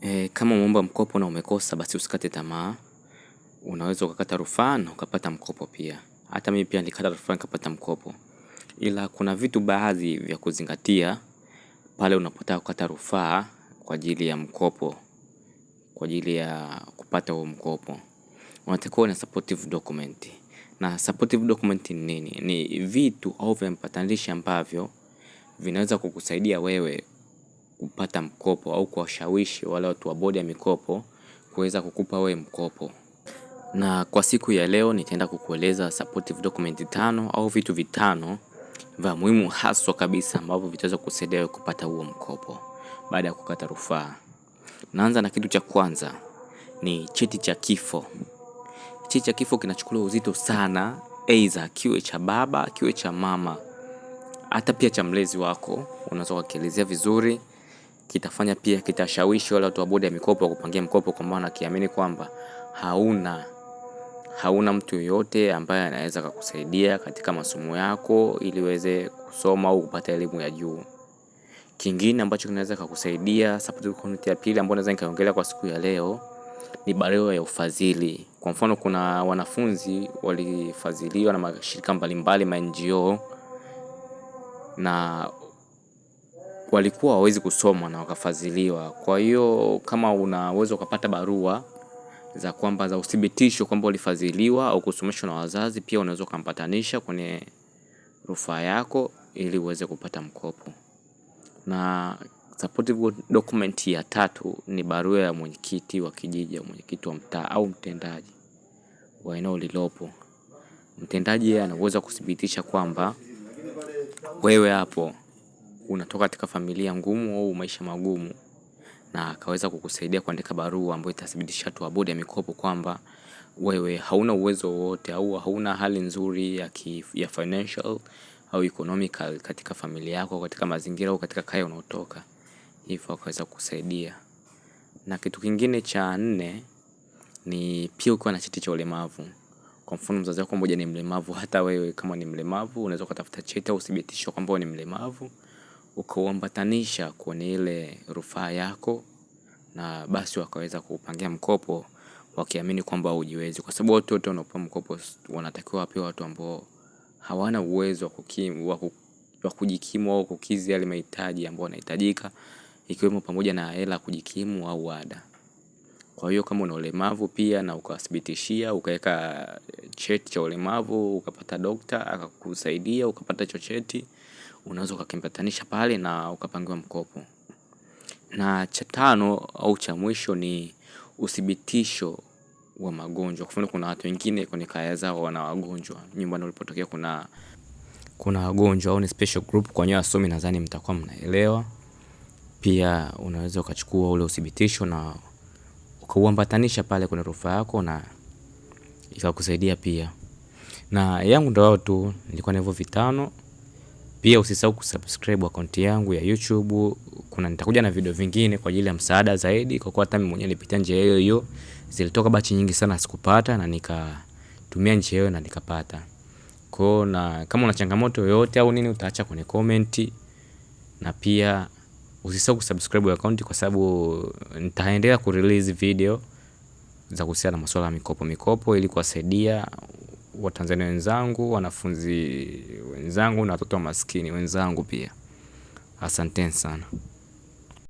E, Kama umeomba mkopo na umekosa basi usikate tamaa, unaweza ukakata rufaa na ukapata mkopo pia. Hata mimi pia nilikata rufaa nikapata mkopo. Ila kuna vitu baadhi vya kuzingatia pale unapotaka kukata rufaa kwa ajili ya mkopo, kwa ajili ya kupata huo mkopo. Unatakiwa na supportive document. Na supportive document ni nini? Ni vitu au vya mpatanishi ambavyo vinaweza kukusaidia wewe kupata mkopo au kuwashawishi wale watu wa bodi ya mikopo kuweza kukupa we mkopo. Na kwa siku ya leo nitaenda kukueleza supportive document tano au vitu vitano vya muhimu haswa kabisa ambavyo vitaweza kusaidia wewe kupata huo mkopo baada ya kukata rufaa. Naanza na kitu cha kwanza ni cheti cha kifo. Cheti cha kifo kinachukuliwa uzito sana, aidha kiwe cha baba, kiwe cha mama, hata pia cha mlezi wako unaweza ukakielezea vizuri kitafanya pia kitashawishi wale watu wa bodi ya mikopo kupangia mkopo, kwa maana kiamini kwamba hauna hauna mtu yoyote ambaye anaweza kakusaidia katika masomo yako ili uweze kusoma au kupata elimu ya juu. Kingine ambacho kinaweza kakusaidia, ya pili ambayo naweza nikaongelea kwa siku ya leo ni barua ya ufadhili. Kwa mfano, kuna wanafunzi walifadhiliwa na mashirika mbalimbali ma NGO na walikuwa hawawezi kusoma na wakafadhiliwa. Kwa hiyo kama unaweza ukapata barua za kwamba za uthibitisho kwamba ulifadhiliwa au kusomeshwa na wazazi, pia unaweza ukampatanisha kwenye rufaa yako ili uweze kupata mkopo. Na supportive document ya tatu ni barua ya mwenyekiti wa kijiji au mwenyekiti wa mtaa au mtendaji wa eneo ulilopo. Mtendaji anaweza kuthibitisha kwamba wewe hapo unatoka katika familia ngumu au maisha magumu na akaweza kukusaidia kuandika barua ambayo itathibitisha tu bodi ya mikopo kwamba wewe hauna uwezo wowote au hauna hali nzuri ya, ki, ya financial au economical katika familia yako katika mazingira au katika kaya unaotoka, hivyo akaweza kukusaidia. Na kitu kingine cha nne ni pia ukiwa na cheti cha ulemavu. Kwa mfano mzazi wako mmoja ni mlemavu, hata wewe kama ni mlemavu unaweza ukatafuta cheti au uthibitisho kwamba ni mlemavu ukauambatanisha kwenye ile rufaa yako na basi wakaweza kuupangia mkopo wakiamini kwamba hujiwezi, kwa sababu wote wanaopewa mkopo wanatakiwa wapewe watu ambao hawana uwezo wa kujikimu au kukizi yale mahitaji ambayo yanahitajika ikiwemo pamoja na hela kujikimu au ada. Kwa hiyo kama una ulemavu pia na ukawathibitishia, ukaweka cheti cha ulemavu, ukapata dokta akakusaidia, ukapata chocheti unaweza ukakiambatanisha pale na ukapangiwa mkopo. Na cha tano au cha mwisho ni uthibitisho wa magonjwa. Kwa mfano kuna watu wengine kwenye kaya zao wana wagonjwa, nyumbani ulipotokea kuna kuna wagonjwa au ni special group kwa nyie wasomi nadhani mtakuwa mnaelewa. Pia unaweza ukachukua ule uthibitisho na ukauambatanisha pale kwenye rufaa yako na ikakusaidia pia. Na yangu ndo hayo tu, nilikuwa na hivyo vitano. Pia usisahau kusubscribe akaunti yangu ya YouTube, kuna nitakuja na video vingine kwa ajili ya msaada zaidi, kwa kuwa hata mimi mwenyewe nilipitia njia hiyo hiyo, zilitoka bachi nyingi sana sikupata, na nikatumia njia hiyo na nikapata. Kwa na kama una changamoto yoyote au nini utaacha kwenye comment, na pia usisahau kusubscribe account kwa sababu nitaendelea kurelease video za kuhusiana na masuala ya mikopo mikopo ili kuwasaidia Watanzania wenzangu, wanafunzi wenzangu na watoto wa maskini wenzangu pia. Asanteni sana.